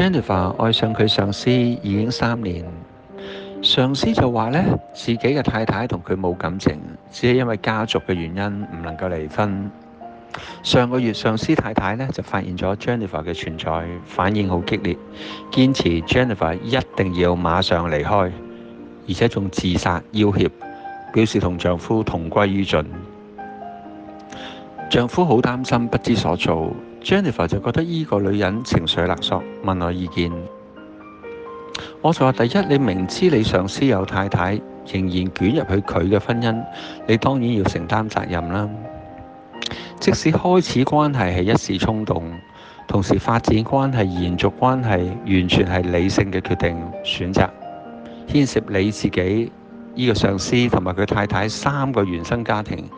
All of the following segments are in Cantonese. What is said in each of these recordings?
Jennifer 愛上佢上司已經三年，上司就話咧自己嘅太太同佢冇感情，只係因為家族嘅原因唔能夠離婚。上個月上司太太咧就發現咗 Jennifer 嘅存在，反應好激烈，堅持 Jennifer 一定要馬上離開，而且仲自殺要挾，表示同丈夫同歸於盡。丈夫好擔心，不知所措。Jennifer 就覺得依個女人情緒勒索，問我意見。我就話：第一，你明知你上司有太太，仍然捲入去佢嘅婚姻，你當然要承擔責任啦。即使開始關係係一時衝動，同時發展關係、延續關係，完全係理性嘅決定選擇，牽涉你自己、依、這個上司同埋佢太太三個原生家庭。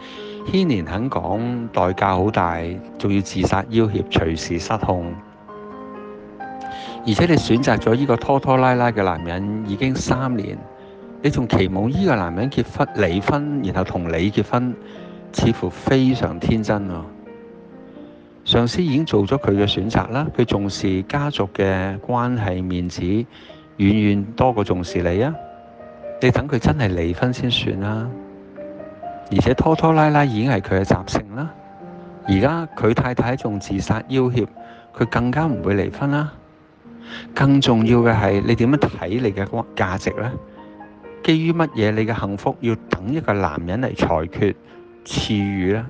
牽連肯講代價好大，仲要自殺要挾，隨時失控。而且你選擇咗呢個拖拖拉拉嘅男人已經三年，你仲期望呢個男人結婚離婚，然後同你結婚，似乎非常天真啊！上司已經做咗佢嘅選擇啦，佢重視家族嘅關係面子，遠遠多過重視你啊！你等佢真係離婚先算啦，啊。而且拖拖拉拉已經係佢嘅習性啦，而家佢太太仲自殺要挾，佢更加唔會離婚啦。更重要嘅係，你點樣睇你嘅光價值呢？基於乜嘢你嘅幸福要等一個男人嚟裁決賜予呢？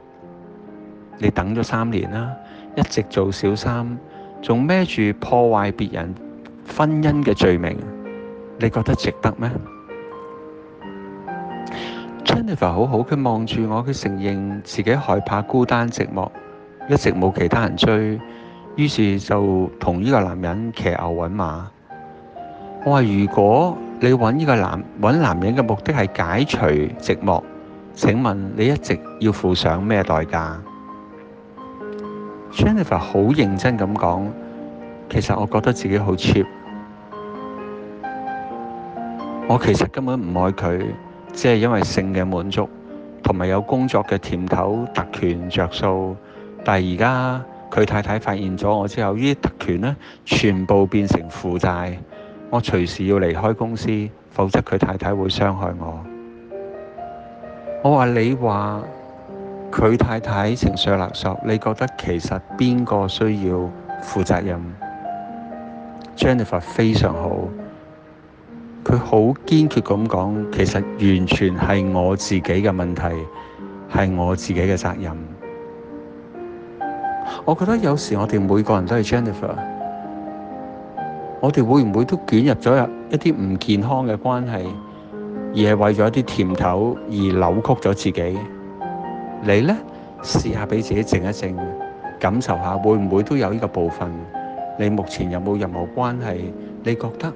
你等咗三年啦，一直做小三，仲孭住破壞別人婚姻嘅罪名，你覺得值得咩？Jennifer 好好，佢望住我，佢承認自己害怕孤單寂寞，一直冇其他人追，於是就同呢個男人騎牛搵馬。我話如果你搵呢個男搵男人嘅目的係解除寂寞，請問你一直要付上咩代價？Jennifer 好認真咁講，其實我覺得自己好 cheap，我其實根本唔愛佢。即係因為性嘅滿足，同埋有工作嘅甜頭、特權着數。但係而家佢太太發現咗我之後，呢啲特權呢，全部變成負債。我隨時要離開公司，否則佢太太會傷害我。我話你話佢太太情緒勒索，你覺得其實邊個需要負責任？Jennifer 非常好。佢好堅決咁講，其實完全係我自己嘅問題，係我自己嘅責任。我覺得有時我哋每個人都係 Jennifer，我哋會唔會都捲入咗一啲唔健康嘅關係，而係為咗一啲甜頭而扭曲咗自己？你呢？試下俾自己靜一靜，感受下會唔會都有呢個部分？你目前有冇任何關係？你覺得？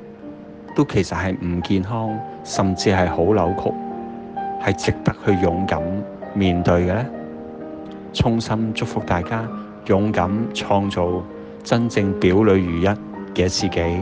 都其實係唔健康，甚至係好扭曲，係值得去勇敢面對嘅呢。衷心祝福大家勇敢創造真正表裏如一嘅自己。